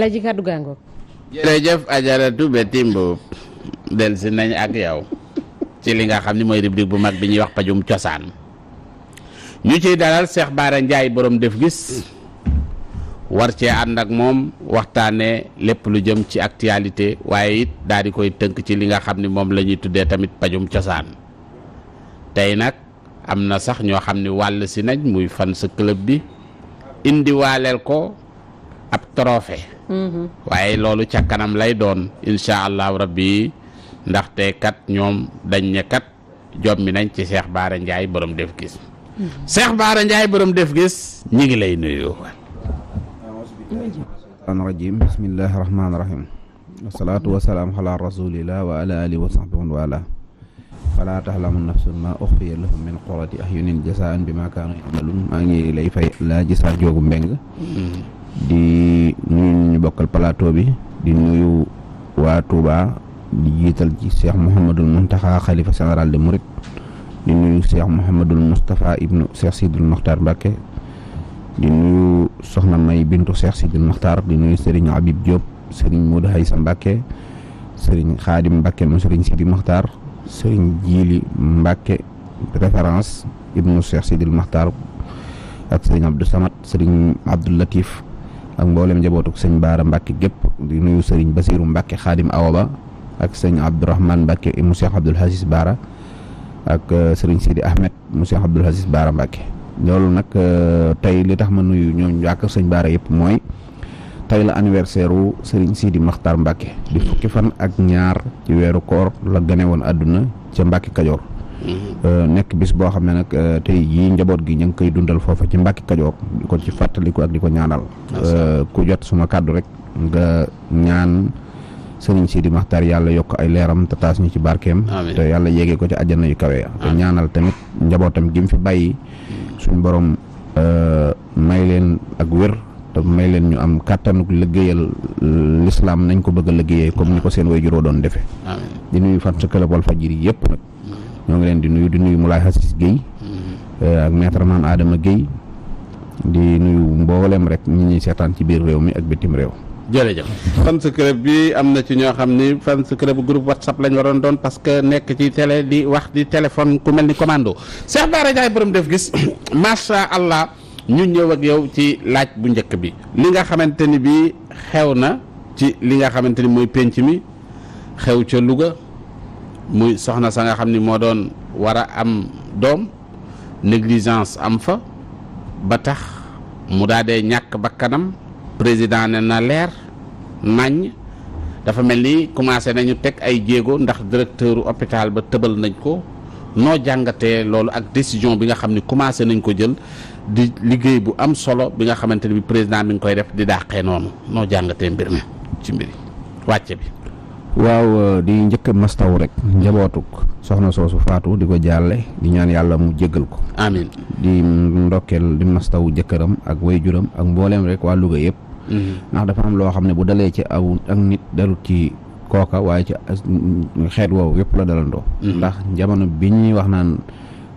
Alaaji kàddu gaa ngoog jërëjëf ajaratu Betty Mbuub delsi nañ ak yow ci li nga xam ni mooy rubrique bu mag bi ñuy wax pajum cosaan ñu ciy daral Cheikh Bara Ndiaye boroom def gis war cee ànd ak moom waxtaanee lépp lu jëm ci actualité waaye it daal di koy tënk ci li nga xam ni moom lañuy tuddee tamit pajum cosaan tey nag am na sax ñoo xam ni wàll si nañ muy fan sa club bi indiwaaleel ko ab trophée mm-hmm. waaye loolu ca kanam lay doon incha allahu rabbi ndaxte kat ñoom dañ ne kat mi nañ ci Cheikh Baara Ndiaye borom def gis mm-hmm. Cheikh Baara Ndiaye borom def gis ñi ngi lay nuyu an rajim bismillahi rahmaani rahim wasalaatu wasalaam ala rasulillah wa ala alihi wa sahbihi wa ma uxfiya lahum min qurati ahyunin jasaan bi ma kaanu yamaluun maa ngi lay fay laa ji saa joogu mbeng mm-hmm. di nuyu ñu bokkal palaato bi di nuyu waa Touba di jiital ci Cheikh Mouhamadul Mountakha xalifa général de Mouride di nuyu Cheikh Mouhamadul Moustapha ibnu Cheikh Sidil Mokhtar Mbacke di nuyu Soxna May bintu Cheikh Sidil Mokhtar di nuyu Serigne Habib Diop Serigne Modou Haysa Mbacke Serigne Khadim Mbacke mu ibnu Cheikh Sidil Mokhtar ak Serigne Abdou Samad ak mbooleem njabootuk sëñ Baara Mbacke gépp di nuyu sëriñ Basiiru Mbacke xaadim awa ba ak sëñ Abdourahman Mbacke mu Cheikh Abdoul Aziz Baara ak euh, sëriñ Sidi Ahmed mu Cheikh Abdoul Baara Mbacke loolu nag euh, tey li tax ma nuyu ñoom ñàkk sëñ Baara yëpp mooy tey la anniversaire wu sëriñ Sidi Maxtaar Mbacke di fukki fan ak ñaar ci weeru koor la gane woon àdduna ca Mbacke Kajoor Mm-hmm. Euh, nekk bis boo xam ne nag euh, tey jii njaboot gi ñu ngi koy dundal foofa ci Mbàkke Kajoor di ko ci fàttaliku ak di ko ñaanal euh, ku jot suma kàddu rek nga ñaan sëriñ Sidi Maxtaar yàlla yokk ay leeram te taas ñu ci barkeem te yàlla yéegee ko ci àjjana yu kawe te ñaanal tamit njabootam gi mu fi bàyyi suñ borom may leen ak wér te may leen ñu am kàttanuk liggéeyal lislaam nañ ko bëgg a liggéeyee comme ni ko seen way juróo doon defee di nuyu fan sa club Walfadjri yëpp nag ñoo ngi leen di nuyu di nuyu Moulay Hassis Guèye euh, ak maître Mame Adama di nuyu mboolem rek ñi ñuy seetaan ci biir réew mi ak bitim réew. jërëjëf fans club bi am na ci ñoo xam ni fans club groupe whatsapp lañ waroon doon parce que nekk ci télé di wax di téléphone ku mel ni commando Cheikh Bara Ndiaye borom def gis macha allah ñu ñëw ak yow ci laaj bu njëkk bi li nga xamante ni bii xew na ci li nga xamante ni mooy penc mi xew ca Louga. muy soxna sa nga xam ni moo doon war a am doom néglisance am fa ba tax mu daa dee ñàkk kanam président ne na leer nañ dafa mel ni commencé nañu teg ay jéego ndax directeur hôpital ba tëbal nañ ko noo jàngatee loolu ak décision bi nga xam ni commencé nañ ko jël di liggéey bu am solo bi nga xamante ni bi président mi ngi koy def di dàqee noonu noo jàngatee mbir mi ci mbiri wàcce bi waaw euh, di njëkk mastaw rek njabootuk soxna soosu faatu di ko jàlle di ñaan yàlla mu jëggal ko amiin di ndokkeel di mastaw jëkkëram ak juram ak mbooleem rek waa Louga yëpp mm-hmm. ndax dafa am loo xam ne bu dalee ci aw ak nit dalut ci kooka waaye ci xeet woowu yëpp la dalandoo mm-hmm. ndax jamono bi ñuy wax naan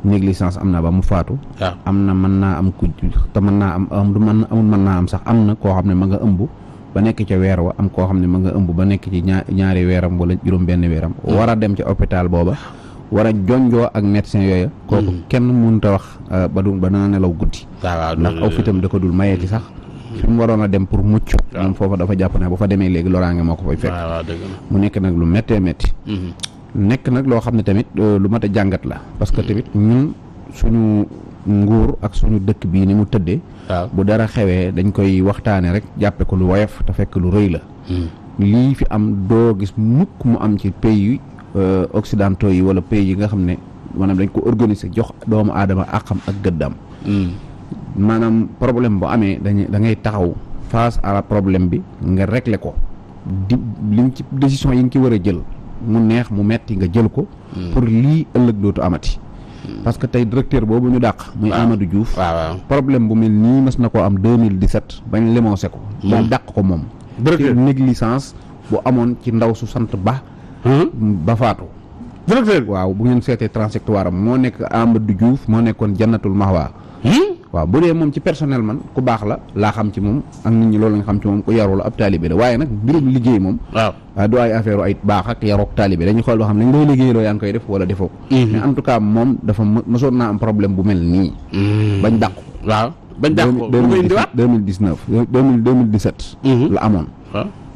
négligence am na ba mu faatu am na mën naa am ku te mën naa am du mën amul mën naa am sax am na koo xam ne ma nga ëmb ba nekk ca weer wa am koo xam ne ma nga ëmb ba nekk ci ñaar ñaari weeram wala juróom benn weeram mm. war a dem ca hôpital booba war a jonjoo ak médecin yooyu mm. kooku kenn mënut a wax euh, ba du ba naa nelaw guddi ndax aw fitam da ko dul ci sax mm. fi mu waroon a dem pour mucc moom foofa dafa jàpp ne bu fa demee léegi loraange moo ko fay fekk mu nekk nag lu méttee métti mm-hmm. nekk nag loo xam ne tamit euh, lu mat a jàngat la parce que tamit ñu suñu nguur ak suñu dëkk bii ni mu tëddee bu dara xewee dañ koy waxtaane rek jàppe ko lu woyof te fekk lu rëy la hmm. lii fi am doo gis mukk mu am ci pays euh, occidentaux yi wala pays yi nga xam ne maanaam dañ ko organiser jox doomu aadama àqam ak gëddam hmm. maanaam problème bu amee dañuy da ngay taxaw face à problème bi nga régler ko di liñ ci décision yi nga ci war a jël mu neex mu metti nga jël ko hmm. pour lii ëllëg dootu amati parce que tey directeur boobu ñu dàq. muy Amadou Diouf. problème bu mel nii mas na ko am 2017 bañ limoncé ko. moom dàq ko moom. directeur ci négligence bu amoon ci ndaw su sant ba. ba faatu. directeur waaw bu ngeen seetee transectoire am moo nekk Amadou Diouf moo nekkoon Jannatul Mahwa. waaw bu dee moom ci personnel man ku baax la laa xam ci moom ak nit ñi loolu nga xam ci moom ku yaru la ab taalibe la waaye nag mbirum liggéey moom waaw ah, du ay affaire ay baax ak yarook taalibe dañuy xool boo xam ne lay liggéey loo yaa ngi koy def wala defoo mhm. mais en moom dafa mësoon naa am problème bu mel nii mhm. bañ dàq waaw bañ dàq mhm. la amoon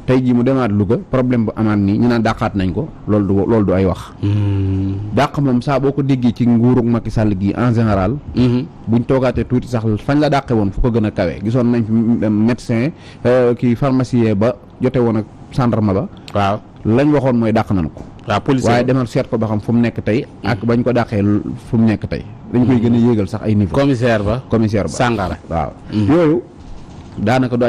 tey jii mu demaat Louga problème bu amaat nii ñu naan dàqaat nañ ko loolu du loolu du ay wax. Hmm. dàq moom saa boo ko déggee ci nguurug Macky sàll gi en général. Hmm. buñ toogaatee tuuti sax fañ la dàqe woon fu ko gën a kawe gisoon nañ fi médecin euh, kii pharmacien ba jote woon ak gendarme ba. waaw lañ waxoon mooy dàq nañ ko. waaw police demal seet ko ba xam fu mu nekk tey. ak bañ ko dàqee fu mu nekk tey. dañ koy gën a hmm. yéegal sax ay niveau. commissaire ba commissaire ba Sangara waaw. yooyu daanaka du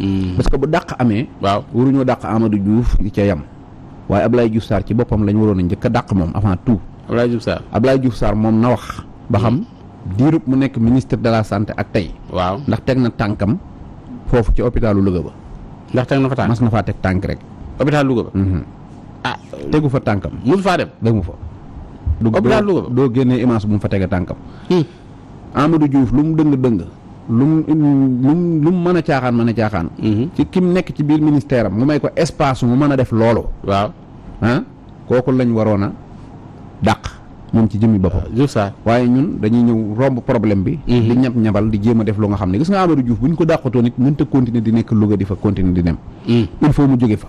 Mm. parce que bu dàq amee. waaw waruñoo dàq Amadou ngi ca yam waaye ab Abdoulaye Diouf Sarr ci boppam la ñu waroon a njëkk a dàq moom avant tout. Abdoulaye Diouf Sarr Abdoulaye Diouf Sarr moom na wax. ba xam mm. diirub mu nekk ministre de la sante ak tey. waaw ndax teg na tànkam foofu ci hôpitalu Louga ba. ndax teg na fa tànk mas na faa teg tànk rek. hôpital Louga ba. Mm-hmm. ah tegu fa tànkam. mun faa dem demu fa. hôpital Louga ba doo génnee image bu mu fa tege tànkam. Hmm. Amadou Diouf lu mu dëng dëng. lu mu lu mu mën a caaxaan mën a caaxaan. Mhm. ci kim nekk ci biir ministère am mu may ko espace mu mën a def loolu. waaw ah kooku lañ waroon a dàq. moom ci jëmmi boppam. juste ah, ça waaye ñun dañuy ñëw romb problème bi. Mhm. di ñab ñabal di jéem a def lu nga xam ne gis nga Amadou Diouf bu ñu ko dàqatoo nit mënut a continuer di nekk luga di fa continuer di dem. Mhm. il faut mu jóge fa.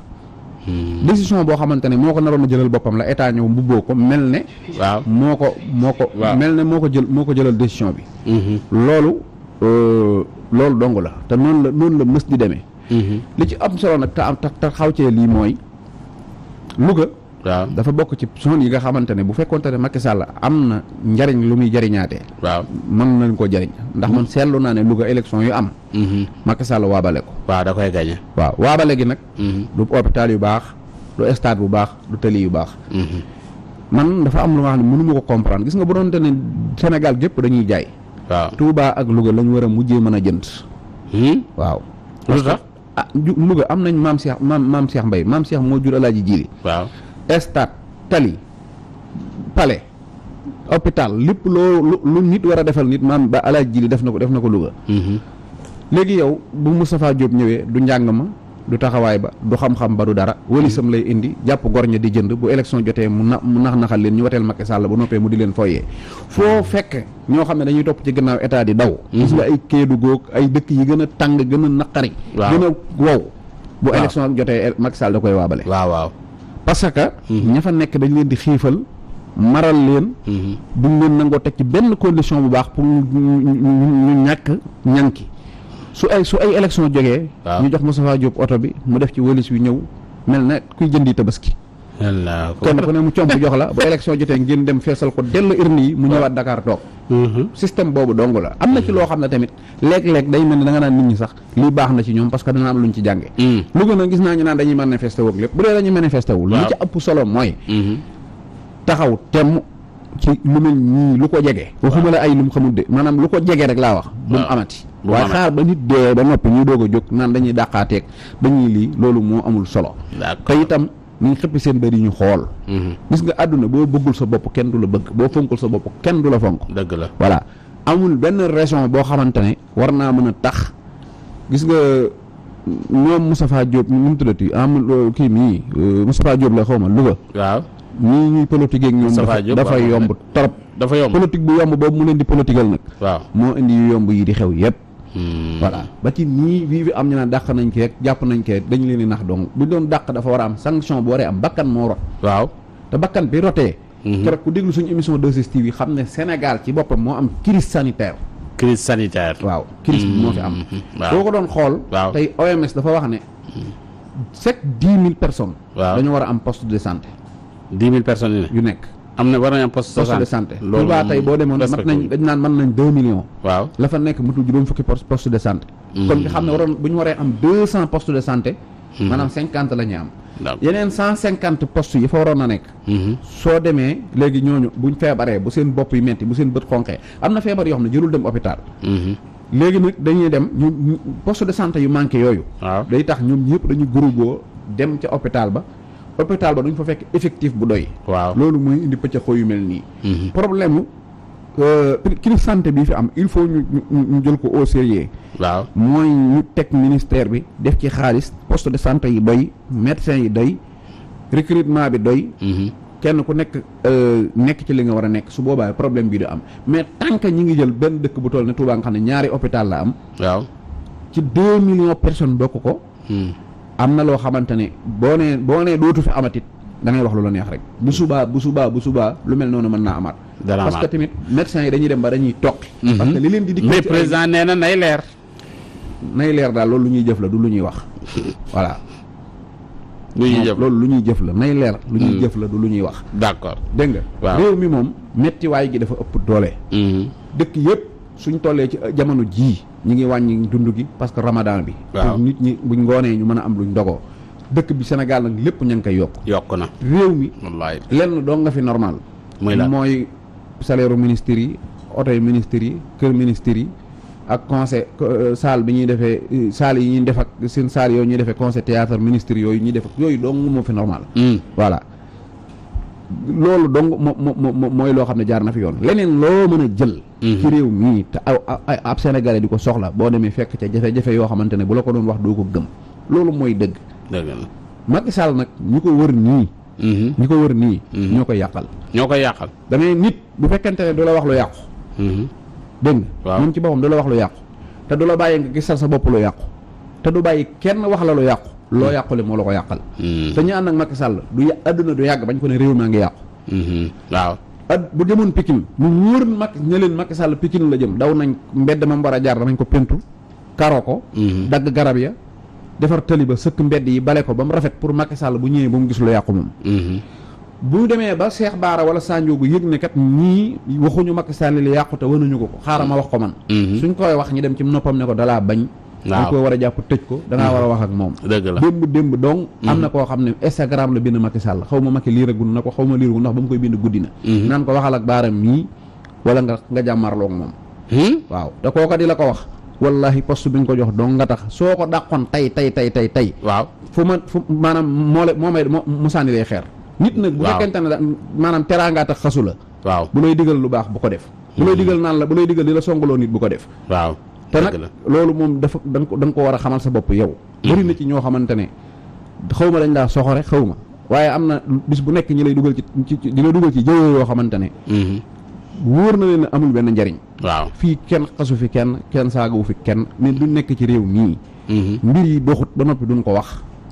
décision boo xamante ne moo ko naroon a jëlal boppam la état ñëw mbubboo ko mel ne. waaw moo ko moo ko. mel ne moo ko jël moo ko jëlal décision bi. Euh, loolu dong la te noonu la noonu la mës di demee. Mhm. li ci am solo nag te am te xaw cee lii mooy Louga. waaw dafa bokk ci zone yi nga xamante ne bu fekkoonte ne Macky Sall am na njariñ lu muy jariñaate waaw mën nañ ko jariñ ndax man seetlu naa ne Louga élection yu am. Mhm. Macky waabale ko. waaw da koy gañe. waaw waabale gi nag. Mhm. du hôpital yu baax du stade bu baax du tëli yu baax. man dafa am lu nga xam ne mënu ma ko comprendre gis nga bu doonte ne Sénégal gépp dañuy jaay. waaw Touba ak Louga lañ war a mujjee mën a jënd. Hmm? waaw. lu ah, am nañ maam Cheikh maam maam Cheikh Mbaye maam Cheikh moo jur alaaji jiiri. waaw stade tali pale hôpital lépp loo lu nit war a defal nit maam ba alaaji jiiri def na ko def na ko Louga. léegi yow bu Moustapha Diop ñëwee du njàng ma. du taxawaay ba du xam-xam ba du dara wëlisam lay indi jàpp gor ña di jënd bu élection jotee mu na mu nax-naxal leen ñu wateel Macky Sall bu noppee mu di leen foyee foo fekk ñoo xam ne dañuy topp ci gannaaw état di daw mhm. gis nga ay Kédougou ay dëkk yi gën a tàng gën a naqari gën a wow bu jotee Macky Sall da koy waabale waaw waaw parce que mhm. ña fa nekk dañ leen di xiifal maral leen mhm. duñ leen nangoo teg ci benn condition bu baax pour ñu ñàkk ñànki su ay su ay élection jógee. ñu jox Moustapha Diop oto bi mu def ci wëlis wi ñëw mel na kuy jëndi tabaski. wallaah kenn ku ne mu comp jox la ba élection jotee ngeen dem feesal ko dellu urne yi mu ñëwaat Dakar toog. Mhm. système boobu dong la am na ci loo xam ne tamit léeg-léeg day mel ne da nga naan nit ñi sax lii baax na ci ñoom parce que dana am ñu ci jànge mm. lu gën a gis naa ñu naan dañuy manifesté woog lépp bu dee dañuy manifesté wu. li ëpp solo mooy. Mhm. taxaw temm ci lu lu ko jege. waxuma la ay lu mu xamul de maanaam lu ko jege laa wax. bu mu amati. waaye xaar ba nit dee ba noppi ñu doog a jóg naan dañuy dàqaateeg dañuy lii loolu moo amul solo te itam nañ xëpp seen bëri ñu xool mhm. gis nga àdduna boo bëggul sa bopp kenn du la bëgg boo fonkul sa bopp kenn du la fonk dëgg la voilà amul benn raison boo xamante ne war naa mën a tax gis nga ñoom Moustapha Diop ñu mu tuddati am ah, euh, kii mii euh, Moustapha Diop xaw ma Louga waaw ñii ñuy politique ak ñoom dafa yomb trop dafa yomb politique bu yomb boobu mu leen di politiqueal nag waaw moo indi yomb yi di xew yëpp Hmm. voilà ba ci nii bii bi am ñu naan dàq nañ kee jàpp nañ kee dañ leen di nax dong bu doon dàq dafa war a am sanction bu waree am bakkan moo rot waaw te bakkan bi rotee hmm. keroog ku déglu suñu émission de stv yi xam ne Sénégal ci boppam moo am crise sanitaire crise sanitaire waaw crise bi moo fi am soo hmm. ko doon xool tey OMS dafa wax ne chaque dix mille personnes dañu war a am post de santé dix mille personnes yu nekk am na war nañ am poste de santé loolu Touba tey boo demoon mat nañ dañ naan mën nañ deux millions waaw la fa nekk mutul hmm. kon nga xam ne waroon bu ñu waree am deux cent poste de santé hmm. maanaam cinquante la ñu am yeneen cent cinquante postes yi fa waroon a nekk hmm. soo demee léegi ñooñu buñ feebaree bu seen bopp yi metti bu seen bët xonqee am na feebar yoo xam ne jërul dem hôpital léegi nag dañuy dem ñu poste de santé yu manqué yooyu day tax ñoom ñëpp dañu groupoo dem ca hôpital ba hôpital ba duñ fa fekk effectif bu doy. waaw loolu mooy indi pëccaxoo yu mel nii. Mhm. problème euh, kii santé bi fi am il faut ñu ñu jël ko au sérieux waaw mooy ñu teg ministère bi def ci xaalis poste de santé yi doy médecin yi doy recrutement bi doy. Mhm. kenn ku nekk euh, nekk ci li nga war a nekk su boobaa problème bii du am mais tant que ñi ngi jël benn dëkk bu toll ne Touba nga xam ne ñaari hôpital la am. waaw ci deux millions personnes bokk ko. Mhm. am na loo xamante ne boo nee boo nee dootu fi amatit da ngay wax lu la neex rek bu subaa bu subaa bu subaa lu mel noonu mën naa amat parce que tamit médecins yi dañuy dem ba dañuy toog. Mhm. parce que li leen di dikk mais président nee na nay leer. nay leer daal loolu lu ñuy jëf la du lu ñuy wax voilà. lu ñuy loolu lu ñuy jëf la nay leer. lu ñuy mhm. jëf la lu ñuy wax. d'accord dégg nga. waaw réew mi moom méttiwaay gi dafa ëpp doole. Mhm. dëkk yëpp suñ tollee ci jamono jii. ñi ngi wàññi dund gi parce que ramadan bi. waaw nit ñi buñ ngoonee ñu mën a am luñ dogoo. dëkk bi Sénégal nag lépp ña koy yokk. yokk na réew mi. wallaay lenn doo nga fi normal. mooy la mooy salaire ministère yi oto yi ministère yi kër ministère yi ak conseil euh, salle bi ñuy defee euh, salle yi ñuy def ak seen salle yooyu ñuy defee conseil théâtre ministère yooyu ñu def ak yooyu doo moo fi normal. Hmm. voilà. loolu dong mo mo mooy loo xam ne jaar na fi yoon leneen loo mën a jël. Mhm. ci réew mii te aw ab sénégalais di ko soxla boo demee fekk ca jafe-jafe yoo xamante ne bu la ko doon wax doo ko gëm loolu mooy dëgg. dëgg la nag ñi ko wër nii. Mhm. ñi ko wër nii. Mhm. ñoo koy yàqal. ñoo koy yàqal damay nit bu fekkente ne du la wax lu yàqu. dégg nga moom ci boppam du la wax lu yàqu. te du la bàyyi nga gisal sa bopp lu yàqu. te du bàyyi kenn wax la lu yàqu. loo yàqule moo la ko yàqal hmm. te ñu ànd ak Macky Sall du àdduna du yàgg bañ ko ne réew maa ngi yàqu hmm. waaw at bu demoon Pikine mu wóor Macky ne leen Macky Sall Pikine la jëm daw nañ mbedd ma mu war a jaar damañ ko pentu karo ko hmm. dagg garab ya defar tali ba sëkk mbedd yi bale ko ba mu rafet pour Macky sàll bu ñëwee ba mu gis lu yàqu moom bu demee ba Cheikh Baara wala Sanjo gu yëg ne kat ñii waxuñu Macky Sall li yàqu te wanuñu ko ko xaaral ma wax ko man suñ koy wax ñi dem ci noppam ne ko dalaa bañ da ko war a jàpp tëj ko dangaa mm-hmm. war a wax ak moom démb démb donc mm-hmm. am na koo xam ne Instagram la bind Macky Sall xaw ma Macky liiragun na ko xaw ma liiragun ndax ba mu koy bind guddi na mm-hmm. naan ko waxal ak baaram mii wala nga nga jàmmarloo ak moom hmm? waaw te kooka di la ko wax wallahi post bi nga ko jox dong nga tax soo ko dàqoon tey tey tey tey tey waaw fu ma fu maanaam moo la moo may mu sànni lay xeer nit nag bu fekkente ne maanaam teraangaa tax xasu la waaw bu lay digal lu baax bu ko def bu lay hmm. digal naan la bu lay digal di la songaloo nit bu ko def waaw te nag loolu moom dafa da ko da nga war a xamal sa bopp yow. Mm. bëri na ci ñoo xamante ne xaw ma dañ laa soxore xaw ma waaye am na bis bu nekk ñi lay dugal ci di la dugal ci jëw yoo xamante ne. Mm-hmm. wóor na leen amul benn njariñ. waaw fii kenn xasu fi kenn kenn saagawu fi kenn mais du nekk ci réew mii. Mm-hmm. mbir yi doxut ba noppi duñ ko wax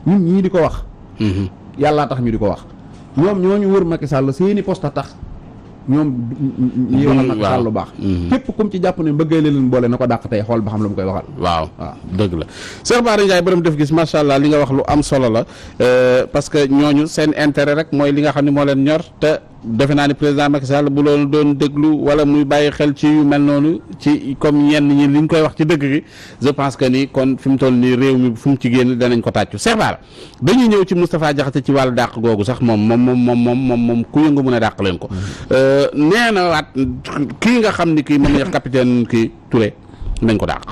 ñun ñii di ko wax. Mm-hmm. yàllaa tax ñu di ko wax. ñoom ñoo ñu wër Macky Sall seeni poste tax. ñoom ñuy waxal nag Sall lu baax mm-hmm. képp kum ci jàpp ne mbëggee leen boole na ko dàq tey xool ba xam lu mu koy waxal waaw waaw dëgg la Cheikh Bara Ndiaye borom def gis macha allah li nga wax lu am solo la euh, parce que ñooñu seen intérêt rek mooy li nga xam ne moo leen ñor te defe naa ni président Macky Sall bu loolu doon déglu wala muy bàyyi xel ci yu mel noonu ci comme ñenn ñi liñ koy wax ci dëgg gi je pense que ni kon fi mu toll nii réew mi fu mu ci génn danañ ko tàccu Cheikh Bara dañuy ñëw ci Moustapha Diakhaté ci wàllu dàq googu sax moom moom moom moom moom moom moom ku yëngu mën a dàq leen ko euh, nee na waat kii nga xam ni kii moom yax capitaine kii Touré nañ ko dàq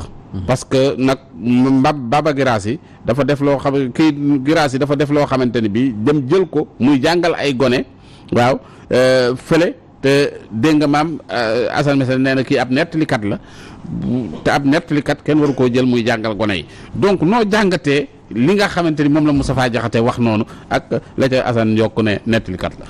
parce que nag mba Baba Girassi dafa def loo xam kii Girassi dafa def loo xamante ni bii dem jël ko muy jàngal ay gone waaw euh, fële te dégg nga maam euh, Assane Mesel nee na kii ab nettalikat la te ab nettalikat kenn waru koo jël muy jàngal gone yi donc noo jàngatee li nga xamante ni moom la Moustapha Diakhaté wax noonu ak la ca Assane yokk ne nettalikat la.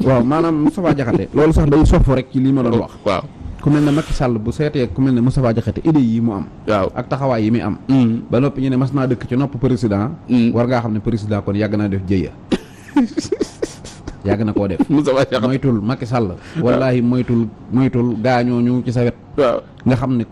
waaw maanaam Moustapha Diakhaté loolu sax day sopp rek ci lii ma doon wax. waaw ku mel na Macky Sall bu seetee ku mel ne Moustapha Diakhaté idée yi mu am. waaw ak taxawaay yi muy am. Mm. ba noppi ñu ne mas naa dëkk ci nopp président. Mm. war ngaa xam ne président kon yàgg naa def jëya yàgg na koo def. Moustapha ma moytul Macky Sall. wallaahi moytul moytul gaañoo ñu ci sa wet. nga xam ne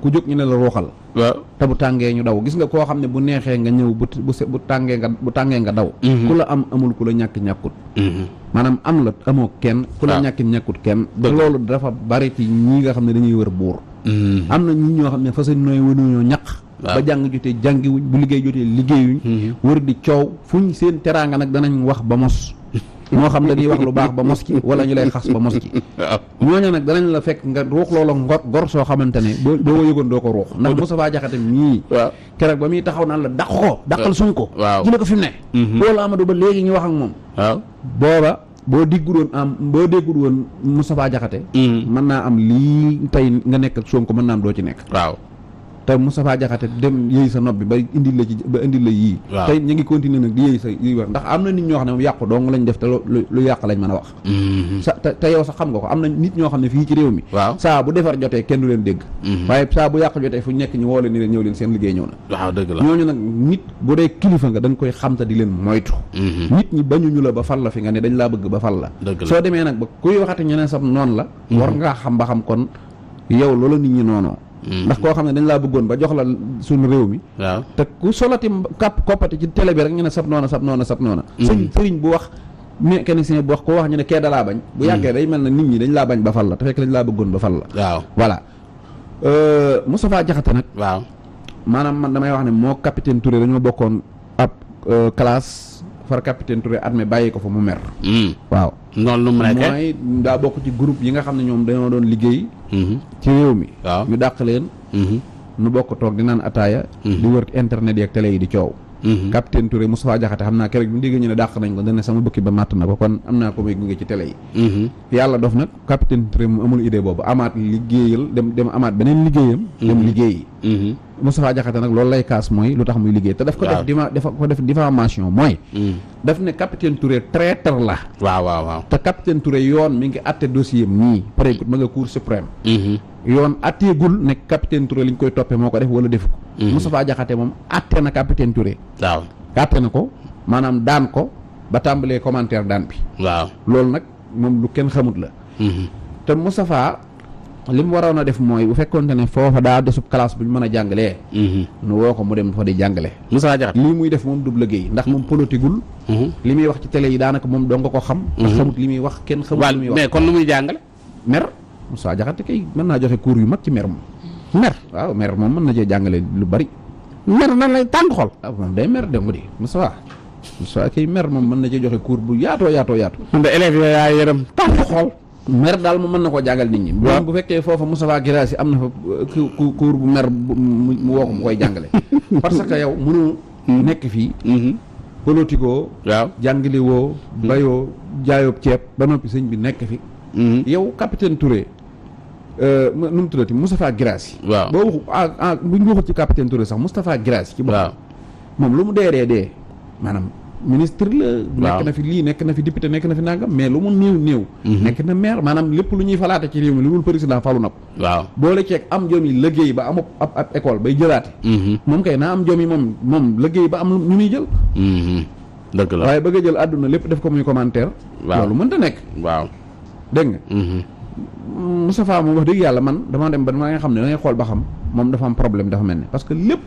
ku jóg ñu ne la ruuxal. waaw te bu tàngee ñu daw gis nga koo xam ne bu neexee nga ñëw bu bu tàngee nga bu tàngee nga daw. Mm-hmm. ku la am amul ku la ñàkk ñàkkut. Mm-hmm. maanaam am la amoo kenn. Ah. ku la ñàkk ñàkkut kenn. loolu dafa bari ci ñii nga xam ne dañuy wër buur. Mm-hmm. am na ñi ñoo xam ne fas yéene nooy wënuñoo ñàq. ba jàng jotee jàngiwuñ bu liggéey jotee liggéeyuñ. wër di coow fuñ seen teraanga nag danañ wax ba mos. moo xam dañuy wax lu baax ba mos ci wala ñu lay xas ba mos ci ñooña nag danañ la fekk nga ruux loola ngor gor soo xamante ne boo boo ko yëgoon doo ko ruux ndax Moustapha Diakhaté mii keroog ba muy taxaw naan la dàq ko dàqal Sonko waaw jële ko fi mu ne mhm. loolu Amadou Ba léegi ñu wax ak moom waaw booba boo déggul woon am boo déggul woon Moustapha Diakhaté mhm. mën naa am lii tey nga nekk ak Sonko mën naa am doo ci nekk waaw te Moustapha Diakhaté dem yëy sa nopp bi ba indil la ci ba indil la yii tey ñu ngi continuer nag di yëy sa yii wax ndax am na nit ñoo xam ne moom yàqu dong lañu def te lu yàq lañ mën a wax mm-hmm. sa te yow sax xam nga ko am na nit ñoo xam ne fii ci réew mi waaw saa bu defar jotee kenn du leen dégg mm-hmm. waaye saa bu yàq jotee fu nekk ñu woo leen ni leen ñëw leen seen liggéey ñëw na waaw dëgg la ñooñu nag nit bu dee kilifa nga dañ koy xam te di leen moytu mm-hmm. nit ñi bañuñu la ba fal la fi nga ne dañ laa bëgg ba fal la soo demee nag ba kuy waxati ñeneen sam noonu la war ngaa xam ba xam kon yow loola nit ñi noonoo Mm-hmm. ndax koo xam ne dañ laa bëggoon ba jox la suñu réew mi waaw te ku solati kàpp koppati ci télé bi rek ñu ne sab noona sab noona sab noona mm-hmm. sëñ sëriñ bu wax mécanicien bu wax ko wax ñu ne kee da laa bañ bu mm-hmm. yàggee day mel ne nit ñi dañ laa bañ ba fal la te laa bëggoon ba fal la waaw voilà Jaxate euh, nag waaw maanaam man damay wax ne moo capitaine Touré dañoo bokkoon ab euh, classe far capitaine Touré armée bàyyi ko fa mu mer mm. waaw noonu lu mu nekkee daa bokk ci groupe yi nga xam ne ñoom dañoo doon liggéey Mm-hmm. ci réew mi. waaw ñu dàq leen. Mm-hmm. nu bokk toog di naan ataaya. Mm-hmm. di wër internet yeeg télé yi di coow. capitaine Touré Moustapha Diakhaté xam naa keroog bi mu déggee ñu ne dàq nañ ko dana sama bëkki ba màtt na ko kon am naa ko may gunge ci télé yi. yàlla dof nag capitaine Touré mu amul idée boobu amaat liggéeyal dem dem amaat beneen liggéeyam. dem liggéeyi. Mm-hmm. Moustapha Diakhaté nag loolu lay kaas mooy lu tax muy liggéey te daf ko def dima dafa ko def diffamation mooy mm. daf ne capitaine Touré traître la waaw waaw waaw te capitaine Touré yoon mi ngi atte dossier am ñii pare ma nga cour suprême mm-hmm. yoon atteegul ne capitaine Touré li koy toppe moo ko def wala defu ko mm-hmm. Moustapha Diakhaté moom atte na capitaine Touré waaw atte na ko maanaam daan ko ba tàmbalee commentaire daan bi waaw loolu nag moom lu kenn xamut la te Moustapha li mu waroon a def mooy bu fekkoonte ne foofa daa desub classe bu ñu mën a jàngalee. Mhm. nu woo ko mu dem fa di jàngale. Moussa Diakhaté lii muy def moom du liggéey ndax mhm. wax ci télé yi daanaka moom dong ko xam. ndax mhm. xamut li muy wax kenn mën naa joxe cours yu mag ci mer moom. mer waaw mer moom mën na cee jàngale lu bari. mer nan lay tàng xol. ah moom day mer dem di Moussa. Moussa kay mer moom mën na cee joxe cours bu yaatoo yaatoo yaatoo. man de élèves yooyu yaa yërëm tàng xol. mer daal mu mën na koo jàngal nit ñi. bu fekkee foofa Moustapha Guirassy am na fa euh, ku kuur bu mer mu woo ko mu koy jàngale. parce que yow mënu hmm. nekk fii. Hmm. politikoo. waaw jàngale woo. Hmm. bayoo jaayoob ceeb ba noppi sëñ bi nekk fi. yow capitaine Touré. Euh, nu mu tuddati Moustapha Guirassy. waaw boo waxu ah, ah, bu ñu waxul ci capitaine Touré sax Moustapha Guirassy. ci boppam moom lu mu dee dee dee maanaam. ministre la. nekk na fi lii nekk na fi député nekk na fi nangam mais lu mu néew néew. Mhm. nekk na maire maanaam lépp lu ñuy falaate ci réew mi lu dul président falu na ko. waaw boole ceeg am jom yi liggéey ba am ab ab école bay jëlaate. Mhm. moom kay naa am jom yi moom moom liggéey ba am ñu muy jël. Mhm. dëgg la waaye bëgg a jël àdduna lépp def ko muy commentaire. waaw loolu mënta nekk. waaw dégg nga. Moustapha moom wax dëgg yàlla man damaa dem ba ma nga xam ne da xool ba xam moom dafa am dafa mel ne parce que lépp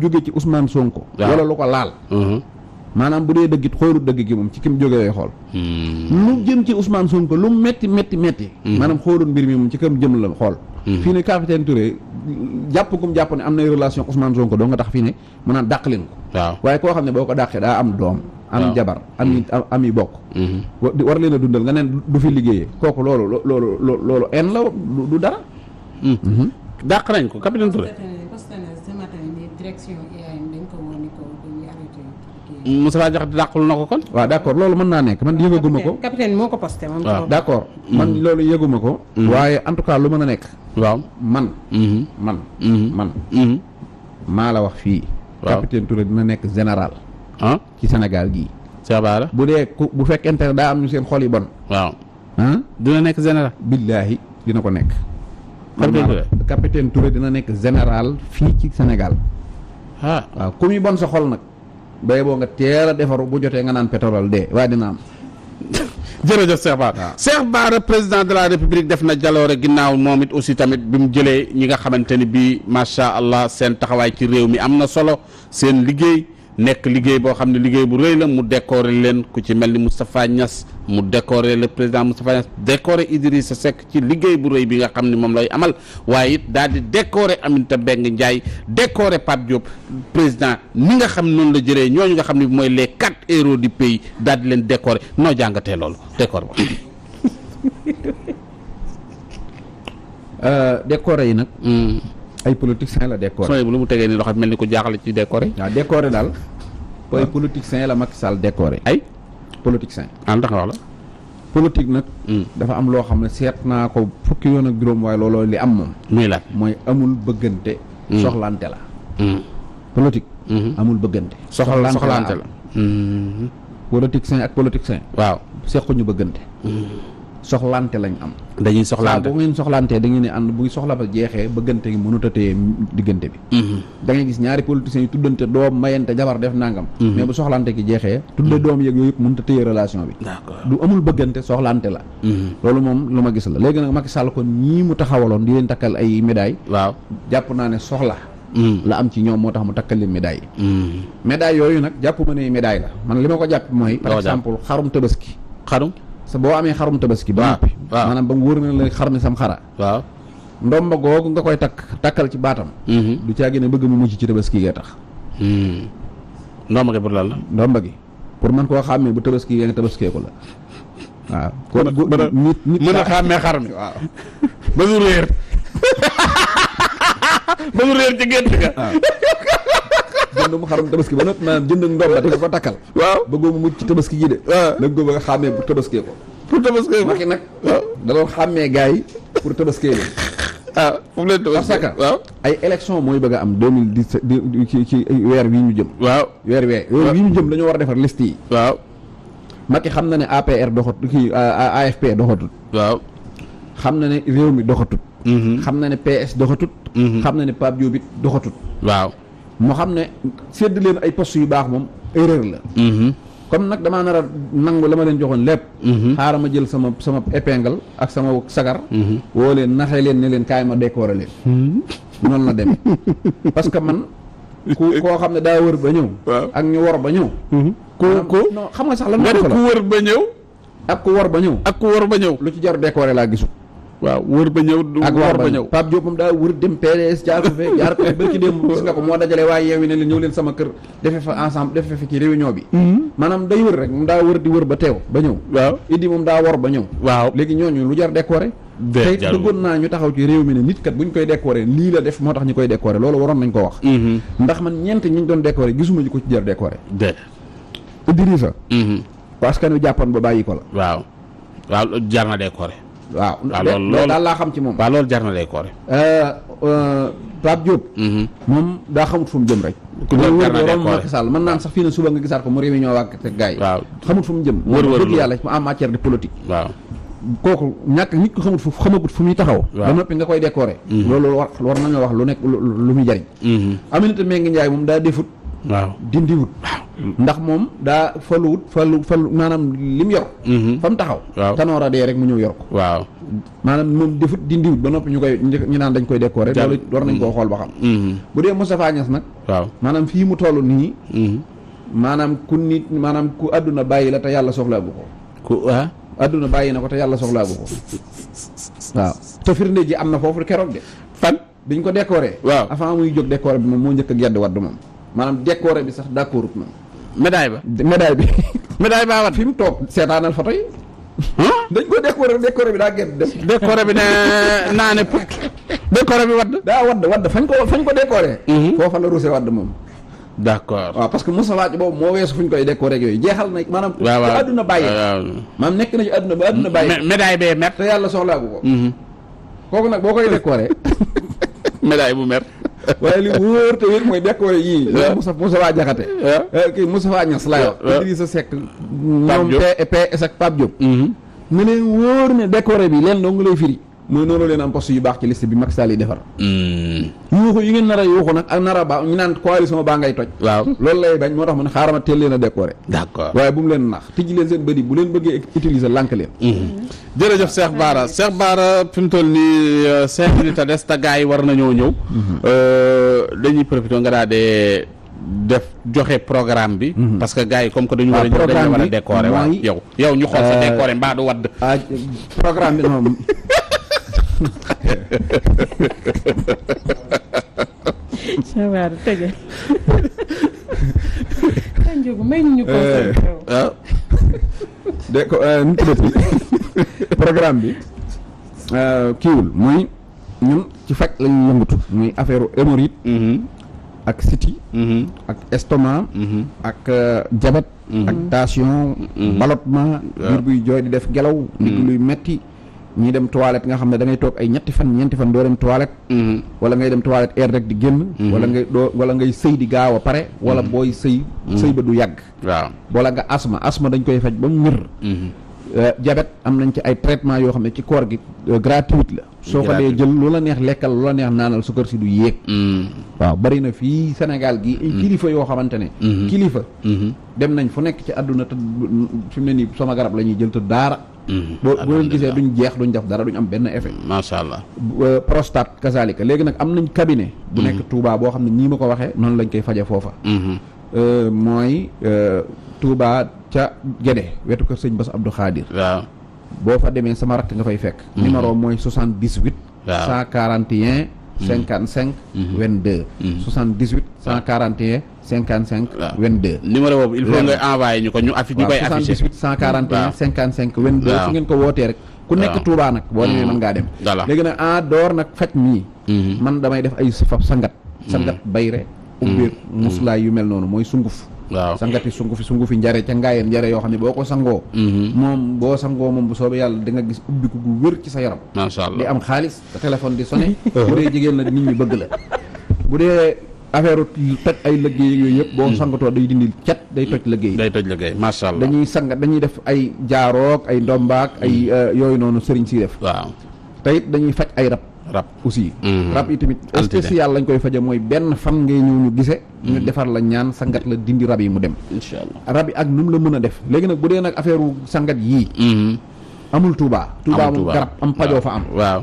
jóge ci Ousmane Sonko. wala ko laal. maanaam bu dee dëgg it xoolul dëgg gi moom ci ki mu jógee lay xool. Hmm. lu jëm ci Ousmane ko lu mu metti metti metti. Hmm. maanaam xoolul mbir mi moom ci kam jëm la xool. Hmm. fii ne capitaine Touré jàpp gum jàpp ne am nay relation Ousmane ko doo nga tax fii ne mu naan dàq leen ko. waaw waaye koo xam ne boo ko dàqee daa am doom. am jabar am am yi bokk. war leen a dundal nga neen du fi liggéeyee kooku loolu loolu loolu en la du dara. Mhm. dàq nañ ko capitaine Touré. direction Moustapha Diakhaté dàqul na ko kon. waaw d' accord loolu mën naa nekk man yëgaguma ko. capitaine moo ko posté moom. waaw d' man mm. loolu yëguma ko. Mm. waaye en tout cas lu mën a nekk. waaw man. Mm-hmm. man mm-hmm. man. Mm-hmm. maa la wax fii. waaw capitaine Touré dina nekk général. ah ci Sénégal gii. bu dee ku bu fekkente ne daa am ñu seen xol yi bon. waaw ah? dina nekk général. billaahi dina ko nekk. capitaine toure dina nekk général fii ci senegal ah waaw ku muy bon sa xol nag. bay boo nga teel a defaru bu jotee nga naan pétrole de waaye dina am. jërëjëf Cheikh Bara waaw Cheikh Bara président de la république def na jaloore ginnaaw moom it aussi tamit bi mu jëlee ñi nga xamante ni bii macha allah seen taxawaay ci réew mi am na solo seen liggéey. nekk liggéey boo xam ne liggéey bu rëy la mu décorer leen ku ci mel ni Moustapha ñas mu décorer le président Moustapha Niass décorer sa Seck ci liggéey bu rëy bi nga xam ne moom lay amal waaye it daal di décorer Aminata Mbengue Ndiaye décorer Pape Diop président ni nga xam noonu la ñoo ñooñu nga xam ne mooy les quatre héros du pays daal di leen décorer noo jàngatee loolu décor euh, yi nag. Hmm. ay politiciens la décoré. sooy bu lu mu tegee ni loxo mel ni ko jaaxle ci décoré. waaw décoré daal. waaw ay la Macky Sall décoré. ay politiciens. ah ndax wax nag. Hmm. dafa am loo xam ne seet naa ko fukki yoon ak juróom waaye looloo li am moom. muy mooy amul bëggante. Hmm. soxlante la. Hmm. politique. amul bëggante. soxla soxlante la. politicien ak politicien. waaw sequñu bëggante. soxlante lañ am. dañuy soxlante bu ngeen soxlantee da ngeen di ànd bu soxla ba jeexee bëggante gi mënut a téye diggante bi. Mm-hmm. da ngay gis ñaari politiciens yi tuddante doom mayante jabar def nangam. Mm-hmm. mais bu soxlante gi jeexee. tudde mm-hmm. doom yeeg yooyu yëpp mënut a téye relation bi. du amul bëggante soxlante la. loolu moom lu ma gis la léegi nag mag Sall kon ñii mu taxawaloon di leen takkal ay médailles. waaw jàpp naa ne soxla. la am ci ñoom moo tax mu takkal leen médaille yi. médaille yooyu nag jàpp ma ne médaille la man li ma ko jàpp mooy. par exemple xarum tabaski xarum. sa boo amee xarum tabaski ba noppi maanaam ba mu wóor na la xar mi sam xara waaw ndomba googu nga koy takk takkal ci baatam lu mhm. caagi ne bëgg mu mucc ci tabaski gee tax hmm. ndomba gi pour lan ndomba gi pour mën koo xàmmee bu tabaski gee nga tabaskeeku la waaw kon nit nit mën xàmmee xar mi waaw ba du réer ba du réer ci gént ga jëndum xarum tabaski ba noppi maanaam jënd ndomba te nga ko takkal waaw bëggoo mu mucc ci tabaski ji de nag góoba nga xàmmee pour tabaskee ko pour tabaskee ko maki nag waaw da doon xàmmee gars yi pour tabaskee leen ah fu mu leen tabaskee parce que waaw ay élection mooy bëgg a am deux mille dix ci ci weer wii ñu jëm waaw weer wee weer wii ñu jëm dañoo war a defar liste yi waaw Macky xam na ne APR doxatut kii AFP doxatut waaw xam na ne réew mi doxatut mhm. xam na ne PS doxatut mhm. xam na ne Pape Diop it doxatut waaw mu xam ne sédd leen ay post yu baax moom erreur la mhm. comme nag damaa nar a nangu la ma leen joxoon lépp mhm. xaaral ma jël sama sama épingle ak sama sagar mhm. woo leen naxe leen ne leen kaay ma décorer leen noonu la dem parce que man ku koo xam ne daa wër ba ñëw ak ñu wor ba ñëw ku ku xam nga sax lan moo ko la ku wër ba ñëw ak ku wor ba ñëw ak ku wor ba ñëw lu ci jar décorer laa gisu waaw wër ba ñëw ak wër ba ñëw Pape Diop moom daa wër dem PDS jaar ko fe jaar ko bërki démb gis nga ko moo dajale waaye yeewi ne leen sama kër defe fa ensemble defe fa ci réunion bi hmm. maanaam daa wër ba teew ba ñëw waaw Idi moom daa wor ba ñëw waaw léegi ñooñu lu jar décorer tey dëggoon naa ñu taxaw bu ñu koy décorer lii la def moo tax ñu ko wax hmm. ndax man ñeent ñu doon décorer gisuma ji ko ci jar décorer Idrissa hmm. parce que ba bàyyi ko la waaw waaw jar na décorer waaw loolu daal laa xam ci moom waaw loolu jar na lay koore euh, euh, Pape Diop mhm. moom daa xamut fu mu jëm rek wër Macky Sall mën naan sax na suba nga gisaat ko mu réunion waag te gars yi waaw xamut fu mu jëm dëgg yàlla en matière de fu muy taxaw ba noppi nga koy décorer mhm. loolu war war nañoo wax lu nekk lu muy jariñ mhm. Aminata Mbengue Ndiaye moom daa defut waaw dindiwut. ndax moom daa fa lu falu lu maanaam lim yor. Mhm. fa mu taxaw. waaw tanoora dee rek mu ñëw yor ko. waaw maanaam moom defut dindiwut ba noppi ñu koy ñu naan dañ koy décorer. loolu war nañ koo mhm. xool ba xam. Mhm. bu dee Moustapha Niass nag. waaw maanaam fii mu toll nii. maanaam ku nit maanaam ku àdduna bàyyi la te yàlla soxlaa bu ko. ku a ah? àdduna bàyyi na ko yàlla soxlaa bu ko. waaw te am na foofu keroog fan biñ ko décorer. waaw avant muy jóg décorer bi moom moo njëkk a gedd wadd moom. maanaam décoré bi sax d'accord ak moom. médaille ba médaille bi. médaille baa wat fi mu toog seetaanal photo yi. dañ ko décoré décoré bi daa gën dem. décoré bi ne naa ne put. décoré bi wadd. daa wadd wadd fañ ko fañ ko décoré. Mhm. foofa la ruuse wadd moom. d'accord waaw parce que Moussa Wade boobu moo weesu fu ñu koy décoré ak yooyu jeexal na maanaam. waaw waaw adduna bàyyi. maanaam nekk na ci adduna ba adduna bàyyi. médaille bee mer. te yàlla soxlaagu ko. Mhm. kooku nag boo koy décoré. médaille bu mer. waaye li wóor te wér mooy bekkoore yii Moussa Moustapha Diakhaté eh, kii Moustapha Niass laay wax Idrissa Seck ñoom PS ak Pape Diop mm-hmm. na leen wóor ne décoré bi leen doo nga lay firi mooy noonu leen am poste yu baax ci liste bi Macky yi defar. Hmm. yuuxu yi ngeen nar a yuuxu nag ak nar a baax ñu naan coalition baa ngay toj. waaw loolu lay bañ moo tax mu ne xaaral ma teel leen a décorer. d'accord waaye bu mu leen nax tijji leen seen bëri bu leen bëggee utiliser lànk leen. Hmm. jërëjëf Cheikh Bara hmm. Cheikh Bara fi mu toll nii euh, cinq minutes a des te gars yi war nañoo ñëw. Euh, dañuy profité nga daal de def joxe programme bi. parce que gars yi comme que dañu war a. programme bi dañu war a décorer waaw yow. sabar tëjee. Tandiou may ñu waaw. Eh, ah. de ko eh, nu tuddati programme bi eh, kiiwul mooy ñun ci faj la ñuy yëngatu muy affaire mm-hmm. ak city mm-hmm. ak estomac. Mm-hmm. ak diabète. ak tension. ballottement. biir buy jooy di def gelaw. ndigg luy metti ñi dem toilette nga xam ne da ngay toog ay ñetti fan ñeenti fan doo dem toilette. Mm-hmm. wala ngay dem toilette air rek di génn. Mm-hmm. wala ngay doo wala ngay sëy di gaaw a pare. wala mm-hmm. booy sëy. sëy ba du yàgg. waaw wala nga asma asma dañ koy faj ba mu wér. jabet euh, am nañ ci ay traitement yoo xam ne ci koor gi euh, gratuite la. soo ko dee jël lu la neex lekkal lu la neex naanal sukkar si du yéeg. waaw bari na fii Sénégal gi kilifa yoo xamante ne. kilifa. dem nañ fu nekk ci àdduna te fi mu ne nii sama garab la ñuy jël daara. Mm-hmm. boo boo leen gisee duñ jeex duñ def dara duñ am benn effet mm-hmm. macha allah euh, prostate kasaalika léegi nag am nañ cabinet bu nekk mm-hmm. Touba boo xam ne nii ma ko waxee noonu lañ koy faje foofa euh, mooy euh, Touba ca Gédé wetu kër sëñ Bass Abdou Khadir waaw boo fa demee sama rakk nga fay fekk numéro mooy soixante dix huit cent quarante et un cinquante cinq vingt deux soixante dix huit cent quarante et un 55 22. numéro boobu il faut nga envoyé ñu ko ñu affiché ñu koy affiché 78 141 55 22 su ngeen ko wootee rek ku nekk Touba nag boo demee mm. mën ngaa dem léegi na en ah, dehors nag faj mii mm-hmm. man damay def ay safab sangat mm-hmm. sangat bayre mm-hmm. ubbeer muslaay yu mel noonu mooy sunguf waaw sangati sungufi sungufi njare ca ngaayeen njare yoo xam ne boo ko sangoo moom boo sangoo moom bu soobee yàlla danga nga gis ubbiku gu wér ci sa yaram macha di am xaalis sa téléphone di sonné bu dee jigéen la nit ñi bëgg la affaire toj ay liggéey yooyu yëpp boo hmm. sangatoo day dindi cet day toj liggéey day toj liggéey macha allah dañuy sang dañuy def ay jaaroog ay ndombaak ay hmm. euh, yooyu noonu sëriñ si def waaw te dañuy faj ay rab rab aussi hmm. rab yi tamit spécial lañ koy faje mooy benn fan ngay ñëw ñu gise ñu defar la ñaan sangat la dindi rab yi mu dem incha rab yi ak nu la mën a def léegi nag bu dee nag affaire sangat yii amul Touba Touba moom garab am pajoo fa am waaw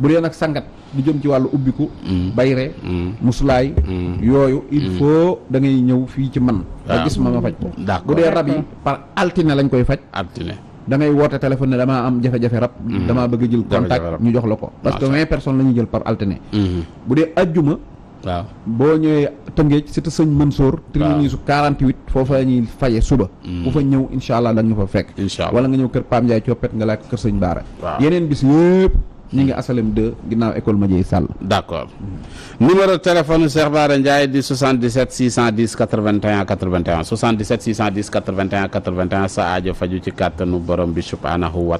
bu dee nag sangat lu jëm ci wàllu ubbiku mm. bayre mm. musulaay mm. yooyu il faut da ngay ñëw fii ci man nga ah. gis ma ma faj ko bu dee rab yi par altine lañ koy faj altine da ngay woote téléphone ne am jafe-jafe rab damaa bëgg jël contact ñu jox la ko parce que vingt personnes la ñuy jël par altine mm-hmm. bu dee ajjuma waaw boo ñëwee Tëngéej ci sëñ Mansour tribune su 48 foofa la ñuy faye suba ku fa ñëw incha allah da ñu fa fekk wala nga ñëw kër Pam Ndiaye coppet nga laaj kër sëñ Baara yeneen bis ñu ngi asalem 2 ginnaaw école Madiaye Sall. d' accord numéro téléphone Cheikh Bara Ndiaye di 77 610 81 81 77 610 81 81 sa aajo faju ci kàttanu borom bi subhanahu wa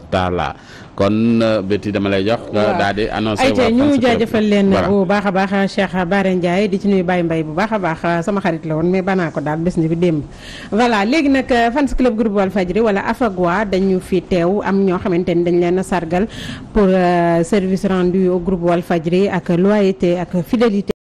kon euh, bétti dama lay jox. waaw daal di annoncé waa ñu jaajëfal leen bu baax a baax Cheikh Bara Ndiaye di ci nuyu Baye Mbaye bu baax a baax euh, sama xarit la woon mais banaa ko daal bés ni bi démb. voilà léegi nag euh, fans club groupe Walfadjri wala Afagwa dañu fi teew am ñoo xamante ni dañ leen a sargal pour service rendu au groupe Walfadjri ak loyauté ak fidélité.